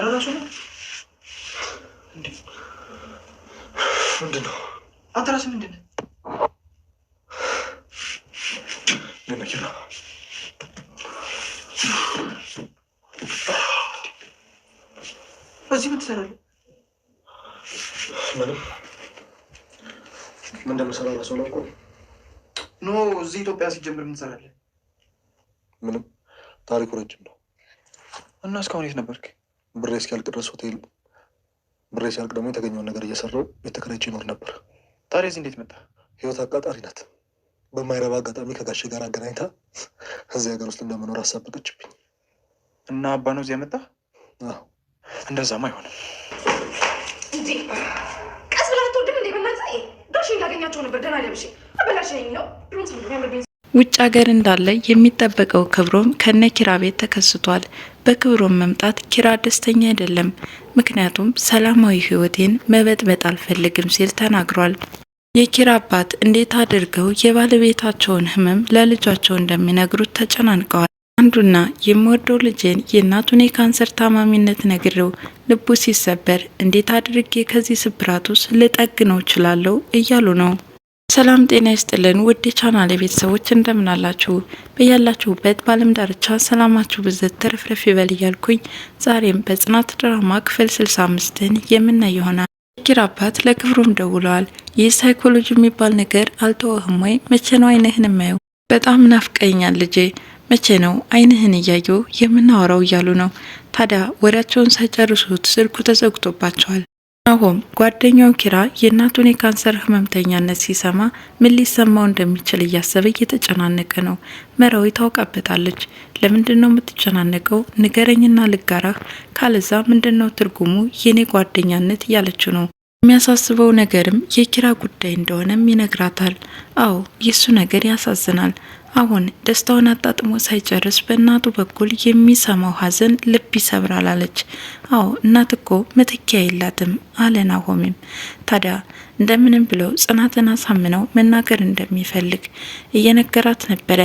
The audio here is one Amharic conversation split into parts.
አደረሱ ነው እንዴ? ምንድን ነው አንተ ራስህ ምንድን ነህ? መኪና እዚህ ምን ትሰራለህ? ምንም ምን እንደምሰራ ራሱ ነው እኮ ኖ እዚህ ኢትዮጵያ ሲጀምር ምን ትሰራለህ? ምንም ታሪኩ ረጅም ነው እና እስካሁን የት ነበርክ? ብሬ እስኪያልቅ ድረስ ሆቴል ብሬ ሲያልቅ ደግሞ የተገኘውን ነገር እየሰራው ቤት ተከራይቼ ይኖር ነበር። ታዲያ እዚህ እንዴት መጣ? ህይወት አቃጣሪ ናት። በማይረባ አጋጣሚ ከጋሼ ጋር አገናኝታ እዚህ ሀገር ውስጥ እንደመኖር አሳበቀችብኝ እና አባ ነው እዚህ ያመጣ። እንደዛም አይሆንም። ቀስ ብላ ትወድም እንዴ? በእናትህ ዳሽ እንዳገኛቸው ነበር ደህና ለብሽ አበላሽ ነው ብሎን ሰምዶ ያምርብኝ ውጭ ሀገር እንዳለ የሚጠበቀው ክብሮም ከነ ኪራ ቤት ተከስቷል። በክብሮም መምጣት ኪራ ደስተኛ አይደለም። ምክንያቱም ሰላማዊ ህይወቴን መበጥበጥ አልፈልግም ሲል ተናግሯል። የኪራ አባት እንዴት አድርገው የባለቤታቸውን ህመም ለልጃቸው እንደሚነግሩት ተጨናንቀዋል። አንዱና የምወደው ልጄን የእናቱን የካንሰር ታማሚነት ነግሬው ልቡ ሲሰበር እንዴት አድርጌ ከዚህ ስብራት ውስጥ ልጠግነው እችላለሁ እያሉ ነው። ሰላም ጤና ይስጥልን ውድ ቻናል ቤተሰቦች እንደምን አላችሁ? በያላችሁበት በዓለም ዳርቻ ሰላማችሁ ብዘት ተረፍረፍ ይበል እያልኩኝ ዛሬም በጽናት ድራማ ክፍል 65ን የምናይ ይሆናል። የኪራ አባት ለክብሩም ደውለዋል። ይህ ሳይኮሎጂ የሚባል ነገር አልተወህም ወይ? መቼ ነው አይንህን የማየው? በጣም ናፍቀኛል ልጄ፣ መቼ ነው አይንህን እያየው የምናወራው እያሉ ነው። ታዲያ ወሬያቸውን ሳይጨርሱት ስልኩ ተዘግቶባቸዋል። ናሆም ጓደኛው ኪራ የእናቱን የካንሰር ህመምተኛነት ሲሰማ ምን ሊሰማው እንደሚችል እያሰበ እየተጨናነቀ ነው። መራዊ ታውቃበታለች። ለምንድን ነው የምትጨናነቀው? ንገረኝና ልጋራህ፣ ካለዛ ምንድን ነው ትርጉሙ የኔ ጓደኛነት እያለችው ነው። የሚያሳስበው ነገርም የኪራ ጉዳይ እንደሆነም ይነግራታል። አዎ የእሱ ነገር ያሳዝናል። አሁን ደስታውን አጣጥሞ ሳይጨርስ በእናቱ በኩል የሚሰማው ሀዘን ልብ ይሰብራል አለች። አዎ እናት እኮ መተኪያ የላትም አለ ናሆምም። ታዲያ እንደምንም ብለው ጽናትን አሳምነው መናገር እንደሚፈልግ እየነገራት ነበረ።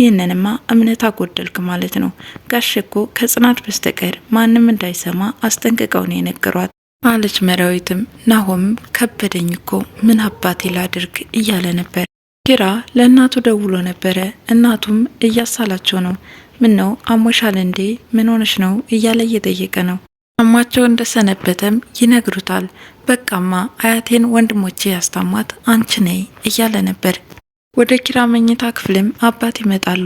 ይህንንማ እምነት አጎደልክ ማለት ነው ጋሽ እኮ ከጽናት በስተቀር ማንም እንዳይሰማ አስጠንቅቀው ነው የነገሯት አለች መራዊትም። ናሆምም ከበደኝ እኮ ምን አባቴ ላድርግ እያለ ነበር። ኪራ ለእናቱ ደውሎ ነበረ። እናቱም እያሳላቸው ነው። ምን ነው አሞሻል እንዴ? ምን ሆነሽ ነው? እያለ እየጠየቀ ነው። አሟቸው እንደሰነበተም ይነግሩታል። በቃማ አያቴን ወንድሞቼ ያስታማት አንቺ ነይ እያለ ነበር። ወደ ኪራ መኝታ ክፍልም አባት ይመጣሉ።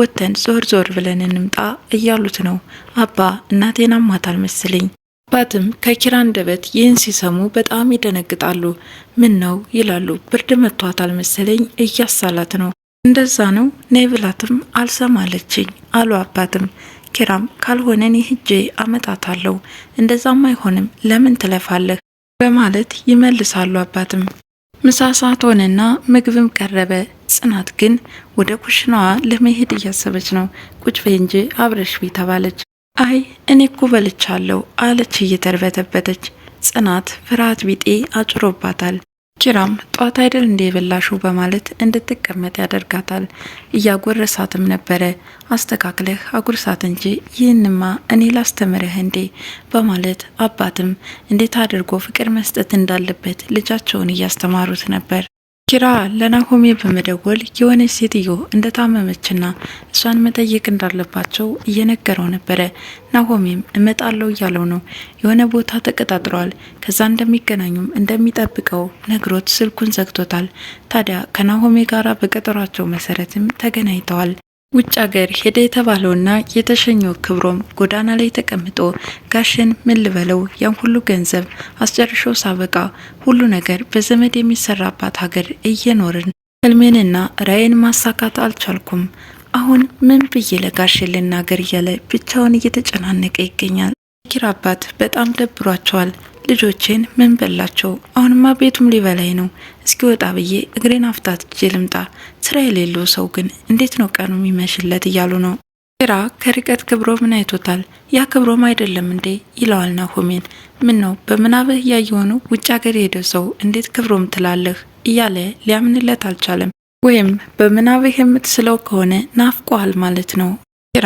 ወጥተን ዞር ዞር ብለን እንምጣ እያሉት ነው። አባ እናቴን አሟታል መሰለኝ አባትም ከኪራ አንደበት ይህን ሲሰሙ በጣም ይደነግጣሉ። ምን ነው ይላሉ። ብርድ መቷታል መሰለኝ እያሳላት ነው። እንደዛ ነው ነይ ብላትም አልሰማለችኝ አሉ አባትም። ኪራም ካልሆነ እኔ ሂጄ አመጣታለሁ፣ እንደዛም አይሆንም ለምን ትለፋለህ በማለት ይመልሳሉ አባትም። ምሳ ሰዓት ሆነና ምግብም ቀረበ። ጽናት ግን ወደ ኩሽናዋ ለመሄድ እያሰበች ነው። ቁጭ በይ እንጂ አብረሽ ቢ ተባለች። አይ እኔ እኮ በልቻለሁ አለች እየተርበተበተች። ጽናት ፍርሃት ቢጤ አጭሮባታል። ኪራም ጧት አይደል እንደ የበላሹ በማለት እንድትቀመጥ ያደርጋታል። እያጎረሳትም ነበረ። አስተካክለህ አጉርሳት እንጂ ይህንማ እኔ ላስተምርህ እንዴ በማለት አባትም እንዴት አድርጎ ፍቅር መስጠት እንዳለበት ልጃቸውን እያስተማሩት ነበር። ኪራ ለናሆሜ በመደወል የሆነች ሴትዮ እንደታመመችና እሷን መጠየቅ እንዳለባቸው እየነገረው ነበረ። ናሆሜም እመጣለው እያለው ነው። የሆነ ቦታ ተቀጣጥሯል። ከዛ እንደሚገናኙም እንደሚጠብቀው ነግሮት ስልኩን ዘግቶታል። ታዲያ ከናሆሜ ጋር በቀጠሯቸው መሰረትም ተገናኝተዋል። ውጭ ሀገር ሄደ የተባለውና የተሸኘው ክብሮም ጎዳና ላይ ተቀምጦ ጋሽን ምን ልበለው ያን ሁሉ ገንዘብ አስጨርሾ ሳበቃ ሁሉ ነገር በዘመድ የሚሰራባት ሀገር እየኖርን ህልሜንና ራዕይን ማሳካት አልቻልኩም፣ አሁን ምን ብዬ ለጋሽን ልናገር እያለ ብቻውን እየተጨናነቀ ይገኛል። ኪራ አባት በጣም ደብሯቸዋል። ልጆቼን ምን በላቸው? አሁንማ ቤቱም ሊበላይ ነው። እስኪወጣ ብዬ እግሬን አፍታትቼ ልምጣ። ስራ የሌለው ሰው ግን እንዴት ነው ቀኑ የሚመሽለት እያሉ ነው። ራ ከርቀት ክብሮምን አይቶታል። ያ ክብሮም አይደለም እንዴ ይለዋል ናሆሜን። ምን ነው በምናብህ እያየሆኑ ውጭ ሀገር የሄደ ሰው እንዴት ክብሮም ትላለህ እያለ ሊያምንለት አልቻለም። ወይም በምናብህ የምትስለው ከሆነ ናፍቆሃል ማለት ነው።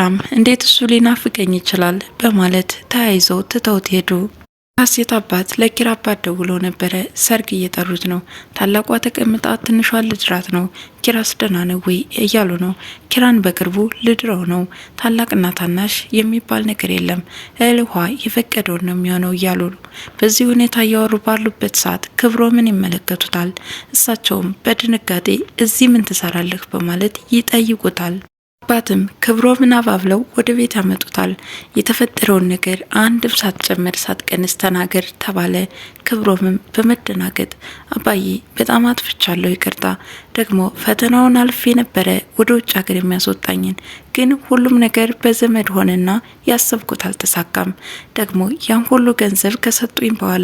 ራም እንዴት እሱ ሊናፍቀኝ ይችላል በማለት ተያይዘው ትተውት ሄዱ። ሀሴት አባት ለኪራ አባት ደውሎ ነበረ። ሰርግ እየጠሩት ነው። ታላቋ ተቀምጣ ትንሿ ልድራት ነው። ኪራስ ደህና ነው ወይ እያሉ ነው። ኪራን በቅርቡ ልድረው ነው። ታላቅና ታናሽ የሚባል ነገር የለም። ውሃ የፈቀደውን ነው የሚሆነው እያሉ ነው። በዚህ ሁኔታ እያወሩ ባሉበት ሰዓት ክብሮ ምን ይመለከቱታል። እሳቸውም በድንጋጤ እዚህ ምን ትሰራለህ በማለት ይጠይቁታል። አባትም ክብሮምን አባብለው ወደ ቤት ያመጡታል። የተፈጠረውን ነገር አንድም ሳትጨምር ሳትቀንስ ተናገር ተባለ። ክብሮምም በመደናገጥ አባዬ በጣም አጥፍቻለሁ፣ ይቅርታ። ደግሞ ፈተናውን አልፌ ነበረ ወደ ውጭ ሀገር የሚያስወጣኝን ግን ሁሉም ነገር በዘመድ ሆነና ያሰብኩት አልተሳካም። ደግሞ ያን ሁሉ ገንዘብ ከሰጡኝ በኋላ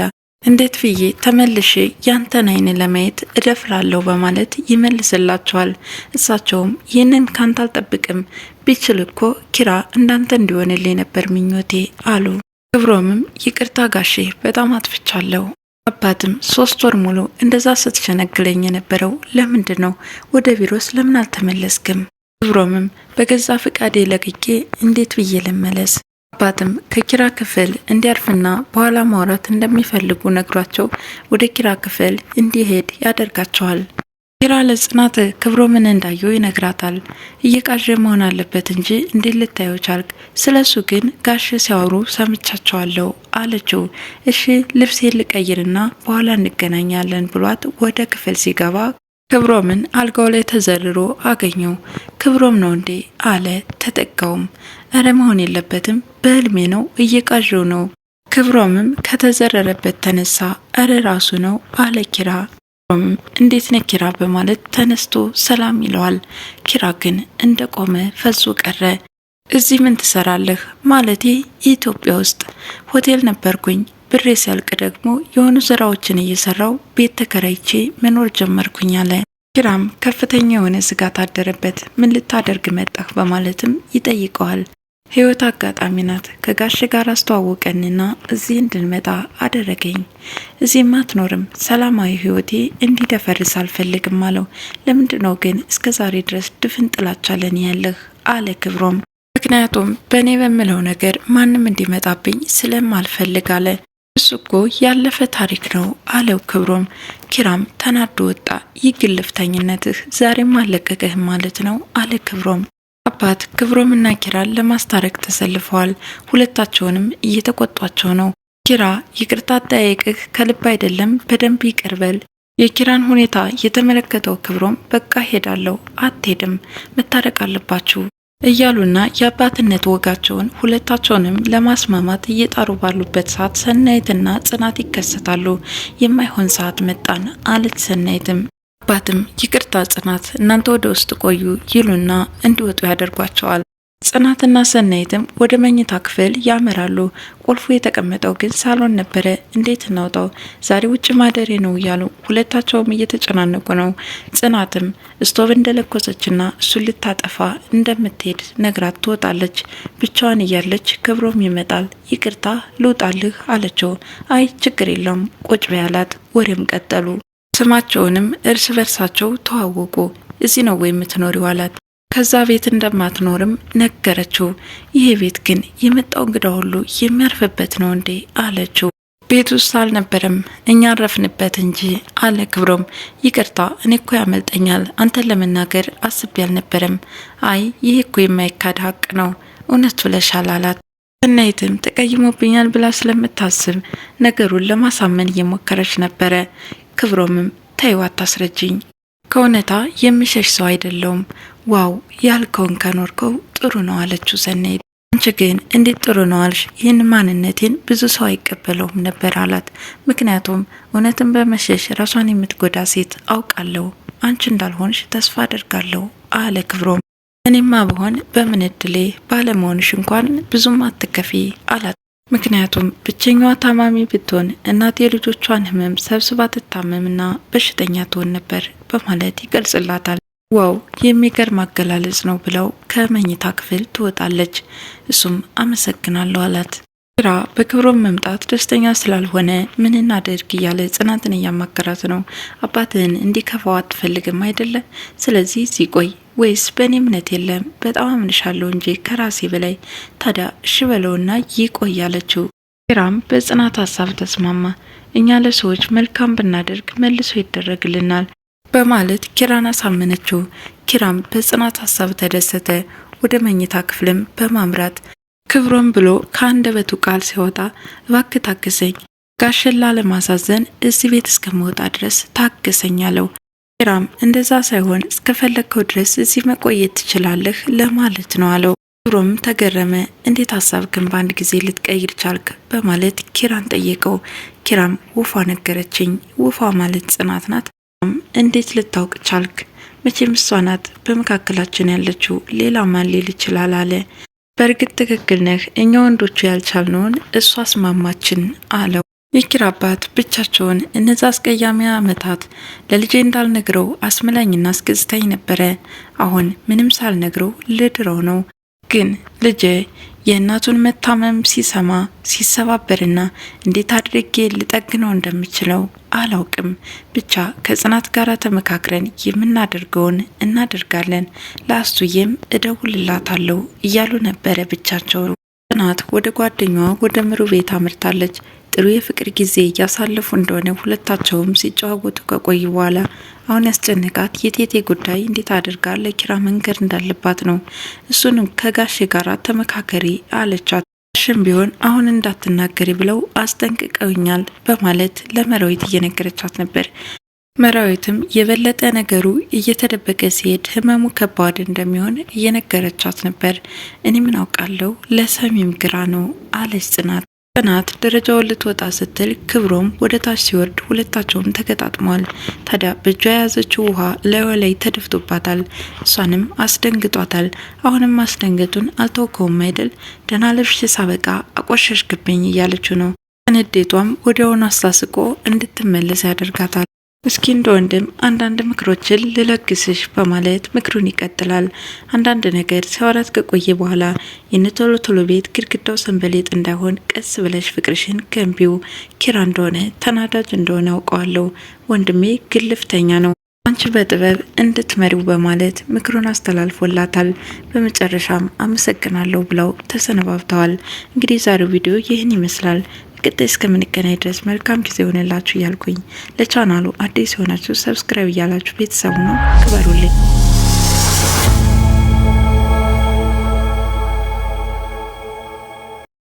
እንዴት ብዬ ተመልሼ ያንተን አይን ለማየት እደፍራለሁ በማለት ይመልስላቸዋል። እሳቸውም ይህንን ካንተ አልጠብቅም፣ ቢችል እኮ ኪራ እንዳንተ እንዲሆንልኝ ነበር ምኞቴ አሉ። ክብሮምም ይቅርታ ጋሼ በጣም አጥፍቻለሁ። አባትም ሶስት ወር ሙሉ እንደዛ ስትሸነግለኝ የነበረው ለምንድን ነው? ወደ ቢሮስ ለምን አልተመለስክም? ክብሮምም በገዛ ፍቃዴ ለቅቄ እንዴት ብዬ ልመለስ አባትም ከኪራ ክፍል እንዲያርፍና በኋላ ማውራት እንደሚፈልጉ ነግሯቸው ወደ ኪራ ክፍል እንዲሄድ ያደርጋቸዋል። ኪራ ለጽናት ክብሮ ምን እንዳየው ይነግራታል። እየቃዥ መሆን አለበት እንጂ እንዴት ልታየው ቻልክ? ስለ እሱ ግን ጋሽ ሲያወሩ ሰምቻቸዋለሁ አለችው። እሺ ልብስ ልቀይርና በኋላ እንገናኛለን ብሏት ወደ ክፍል ሲገባ ክብሮምን አልጋው ላይ ተዘርሮ አገኘው። ክብሮም ነው እንዴ አለ። ተጠጋውም። እረ መሆን የለበትም በህልሜ ነው እየቃዥው ነው። ክብሮምም ከተዘረረበት ተነሳ። እረ ራሱ ነው አለ ኪራ። ክብሮምም እንዴት ነ ኪራ በማለት ተነስቶ ሰላም ይለዋል። ኪራ ግን እንደ ቆመ ፈዞ ቀረ። እዚህ ምን ትሰራለህ? ማለቴ ኢትዮጵያ ውስጥ ሆቴል ነበርኩኝ ብሬ ሲያልቅ ደግሞ የሆኑ ስራዎችን እየሰራው ቤት ተከራይቼ መኖር ጀመርኩኝ አለ። ኪራም ከፍተኛ የሆነ ስጋት አደረበት። ምን ልታደርግ መጣህ በማለትም ይጠይቀዋል። ህይወት አጋጣሚ ናት። ከጋሽ ጋር አስተዋወቀንና እዚህ እንድንመጣ አደረገኝ። እዚህም አትኖርም፣ ሰላማዊ ህይወቴ እንዲደፈርስ አልፈልግም አለው። ለምንድነው ነው ግን እስከ ዛሬ ድረስ ድፍን ጥላቻለን ያለህ? አለ ክብሮም። ምክንያቱም በእኔ በምለው ነገር ማንም እንዲመጣብኝ ስለማልፈልግ አለ። እሱ እኮ ያለፈ ታሪክ ነው አለው ክብሮም። ኪራም ተናዶ ወጣ። ይህ ግልፍተኝነትህ ዛሬም አለቀቀህ ማለት ነው አለ ክብሮም። አባት ክብሮምና ኪራን ለማስታረቅ ተሰልፈዋል። ሁለታቸውንም እየተቆጧቸው ነው። ኪራ ይቅርታ አጠያየቅህ ከልብ አይደለም፣ በደንብ ይቅርበል። የኪራን ሁኔታ የተመለከተው ክብሮም በቃ ሄዳለሁ፣ አትሄድም፣ መታረቅ አለባችሁ እያሉና የአባትነት ወጋቸውን ሁለታቸውንም ለማስማማት እየጣሩ ባሉበት ሰዓት ሰናይትና ጽናት ይከሰታሉ። የማይሆን ሰዓት መጣን አለች ሰናይትም። አባትም ይቅርታ ጽናት፣ እናንተ ወደ ውስጥ ቆዩ ይሉና እንዲወጡ ያደርጓቸዋል። ጽናትና ሰናይትም ወደ መኝታ ክፍል ያመራሉ። ቁልፉ የተቀመጠው ግን ሳሎን ነበረ። እንዴት እናውጣው? ዛሬ ውጭ ማደሬ ነው እያሉ ሁለታቸውም እየተጨናነቁ ነው። ጽናትም ስቶቭ እንደለኮሰችና እሱን ልታጠፋ እንደምትሄድ ነግራት ትወጣለች። ብቻዋን እያለች ክብሮም ይመጣል። ይቅርታ ልውጣልህ አለችው። አይ ችግር የለውም ቁጭ በያላት። ወሬም ቀጠሉ። ስማቸውንም እርስ በርሳቸው ተዋወቁ። እዚህ ነው ወይ የምትኖሪው አላት። ከዛ ቤት እንደማትኖርም ነገረችው። ይሄ ቤት ግን የመጣው እንግዳ ሁሉ የሚያርፍበት ነው እንዴ አለችው። ቤት ውስጥ አልነበረም እኛ አረፍንበት እንጂ አለ ክብሮም። ይቅርታ እኔ እኮ ያመልጠኛል አንተን ለመናገር አስቤ አልነበረም። አይ ይህ እኮ የማይካድ ሀቅ ነው እውነት ብለሻል አላት። እናይትም ተቀይሞብኛል ብላ ስለምታስብ ነገሩን ለማሳመን እየሞከረች ነበረ። ክብሮምም ተይዋ አታስረጅኝ ከእውነታ የምሸሽ ሰው አይደለውም። ዋው ያልከውን ከኖርከው ጥሩ ነው አለችው ሰናይት። አንቺ ግን እንዴት ጥሩ ነው አልሽ? ይህን ማንነቴን ብዙ ሰው አይቀበለውም ነበር አላት። ምክንያቱም እውነትን በመሸሽ ራሷን የምትጎዳ ሴት አውቃለሁ፣ አንቺ እንዳልሆንሽ ተስፋ አደርጋለሁ አለ ክብሮም። እኔማ ብሆን በምን እድሌ ባለመሆንሽ እንኳን ብዙም አትከፊ አላት። ምክንያቱም ብቸኛዋ ታማሚ ብትሆን እናት የልጆቿን ህመም ሰብስባ ትታመምና በሽተኛ ትሆን ነበር በማለት ይገልጽላታል። ዋው የሚገርም አገላለጽ ነው ብለው ከመኝታ ክፍል ትወጣለች። እሱም አመሰግናለሁ አላት። ኪራ በክብሮም መምጣት ደስተኛ ስላልሆነ ምን እናደርግ እያለ ጽናትን እያማከራት ነው። አባትህን እንዲከፋው አትፈልግም አይደለ? ስለዚህ ሲቆይ ወይስ በእኔ እምነት የለም በጣም አምንሻለሁ እንጂ ከራሴ በላይ ታዲያ ሽበለውና በለውና ይቆይ አለችው። ኪራም በጽናት ሀሳብ ተስማማ። እኛ ለሰዎች መልካም ብናደርግ መልሶ ይደረግልናል በማለት ኪራን አሳመነችው። ኪራም በጽናት ሀሳብ ተደሰተ። ወደ መኝታ ክፍልም በማምራት ክብሮም ብሎ ከአንደበቱ ቃል ሲወጣ እባክህ ታግሰኝ፣ ጋሸላ ለማሳዘን እዚህ ቤት እስከመወጣ ድረስ ታግሰኝ አለው። ኪራም እንደዛ ሳይሆን እስከፈለግከው ድረስ እዚህ መቆየት ትችላለህ ለማለት ነው አለው። ክብሮም ተገረመ። እንዴት ሀሳብክን በአንድ ጊዜ ልትቀይር ቻልክ? በማለት ኪራን ጠየቀው። ኪራም ውፋ ነገረችኝ። ውፋ ማለት ጽናት ናት። እንዴት ልታውቅ ቻልክ? መቼም እሷ ናት በመካከላችን ያለችው ሌላ ማን ሊል ይችላል አለ በእርግጥ ትክክል ነህ፣ እኛ ወንዶቹ ያልቻልነውን እሷ አስማማችን አለው። የኪራ አባት ብቻቸውን እነዛ አስቀያሚ ዓመታት ለልጄ እንዳልነግረው አስመላኝና አስገዝታኝ ነበረ። አሁን ምንም ሳልነግረው ልድረው ነው። ግን ልጄ የእናቱን መታመም ሲሰማ ሲሰባበርና እንዴት አድርጌ ልጠግነው እንደምችለው አላውቅም። ብቻ ከጽናት ጋር ተመካክረን የምናደርገውን እናደርጋለን፣ ለአስቱዬም እደውልላታለሁ እያሉ ነበረ ብቻቸው። ጽናት ወደ ጓደኛዋ ወደ ምሩ ቤት አምርታለች። ጥሩ የፍቅር ጊዜ እያሳለፉ እንደሆነ ሁለታቸውም ሲጨዋወቱ ከቆዩ በኋላ አሁን ያስጨንቃት የቴቴ ጉዳይ እንዴት አድርጋ ለኪራ መንገድ እንዳለባት ነው። እሱንም ከጋሼ ጋር ተመካከሪ አለቻት። ጋሽም ቢሆን አሁን እንዳትናገሪ ብለው አስጠንቅቀውኛል በማለት ለመራዊት እየነገረቻት ነበር። መራዊትም የበለጠ ነገሩ እየተደበቀ ሲሄድ ህመሙ ከባድ እንደሚሆን እየነገረቻት ነበር። እኔ ምን አውቃለሁ፣ ለሰሚም ግራ ነው አለች ጽናት። ጽናት ደረጃውን ልትወጣ ስትል ክብሮም ወደ ታች ሲወርድ ሁለታቸውም ተገጣጥመዋል። ታዲያ በእጇ የያዘችው ውሃ ላዩ ላይ ተደፍቶባታል። እሷንም አስደንግጧታል። አሁንም አስደንገጡን አልተወከውም አይደል? ደህና ለብሼ ሳበቃ አቆሸሽክብኝ እያለችው ነው። ንዴቷም ወዲያውኑ አስታስቆ እንድትመለስ ያደርጋታል። እስኪ እንደ ወንድም አንዳንድ ምክሮችን ልለግስሽ በማለት ምክሩን ይቀጥላል። አንዳንድ ነገር ሲያወራት ከቆየ በኋላ የነቶሎ ቶሎ ቤት ግድግዳው ሰንበሌጥ እንዳይሆን ቀስ ብለሽ ፍቅርሽን ገንቢው። ኪራ እንደሆነ ተናዳጅ እንደሆነ አውቀዋለሁ። ወንድሜ ግልፍተኛ ነው። አንቺ በጥበብ እንድትመሪው በማለት ምክሩን አስተላልፎላታል። በመጨረሻም አመሰግናለሁ ብለው ተሰነባብተዋል። እንግዲህ ዛሬው ቪዲዮ ይህን ይመስላል። ቅጥ እስከምንገናኝ ድረስ መልካም ጊዜ ሆነላችሁ እያልኩኝ ለቻናሉ አዲስ የሆናችሁ ሰብስክራይብ እያላችሁ ቤተሰቡ ነው ክበሩልኝ።